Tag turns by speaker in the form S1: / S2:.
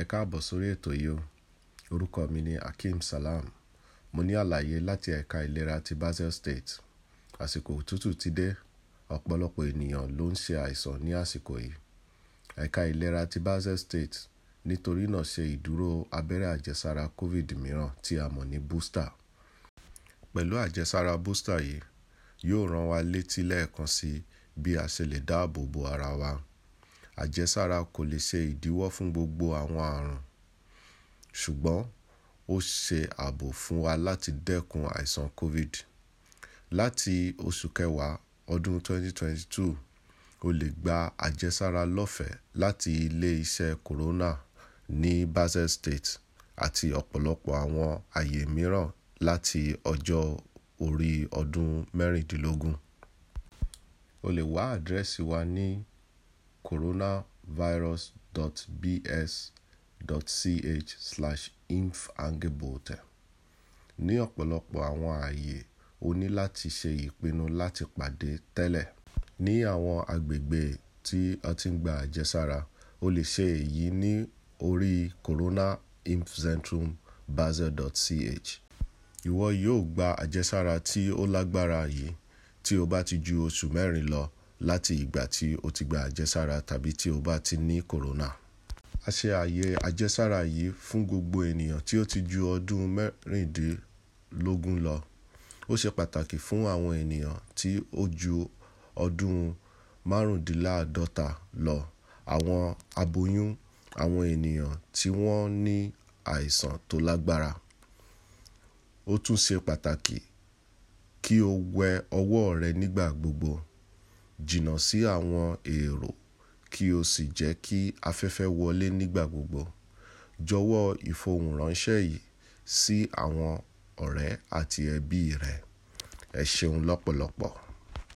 S1: Ẹ káàbọ̀ sórí ètò yìí o. Orúkọ mi ni Akeem Salam. Mo ní àlàyé láti ẹ̀ka ìlera ti Basel State. Àsìkò òtútù ti dé. Ọ̀pọ̀lọpọ̀ ènìyàn ló ń ṣe àìsàn ní àsìkò yìí. Ẹ̀ka ìlera ti Basel State nítorí náà ṣe ìdúró abẹ́rẹ́ àjẹsára COVID mìíràn tí a mọ̀ ní booster. Pẹ̀lú àjẹsára booster yìí, yóò rán wa létí lẹ́ẹ̀kan sí bí a ṣe lè dáàbò bo ara wa àjẹsára kò lè ṣe ìdíwọ́ fún gbogbo àwọn àrùn ṣùgbọ́n ó ṣe ààbò fún wa láti dẹ́kun àìsàn covid. láti oṣù kẹwàá ọdún 2022 o lè gba àjẹsára lọ́fẹ̀ẹ́ láti ilé iṣẹ́ corona ní basel state àti ọ̀pọ̀lọpọ̀ àwọn àyè mìíràn láti ọjọ́ orí ọdún mẹ́rìndínlógún. o lè wá àdírẹ́sì wa ní coronavirus.bs.ch/infangebote ní ọ̀pọ̀lọpọ̀ àwọn ààyè o ní láti ṣe ìpinnu láti pàdé tẹ́lẹ̀. ní àwọn agbègbè tí a ti ń gba àjẹsára o lè ṣe èyí ní orí corona-infzentrum-basel.ch ìwọ yóò gba àjẹsára tí ó lágbára yìí tí o bá ti ju oṣù mẹ́rin lọ láti ìgbà tí o ti gba àjẹsára tàbí tí o bá ti ní kòrónà. a ṣe àyè àjẹsára yìí fún gbogbo ènìyàn tí ó ti ju ọdún mẹ́rìndínlógún lọ. ó ṣe pàtàkì fún àwọn ènìyàn tí ó ju ọdún márùndínláàádọ́ta lọ àwọn aboyún àwọn ènìyàn tí wọ́n ní àìsàn tó lágbára. ó tún ṣe pàtàkì kí o wẹ ọwọ́ rẹ nígbà gbogbo jìnnà sí àwọn èrò kí o sì jẹ́ kí afẹ́fẹ́ wọlé nígbà gbogbo. jọ̀wọ́ ìfohùnránṣẹ́ yìí sí àwọn ọ̀rẹ́ àti ẹbí rẹ. ẹ ṣeun lọ́pọ̀lọpọ̀.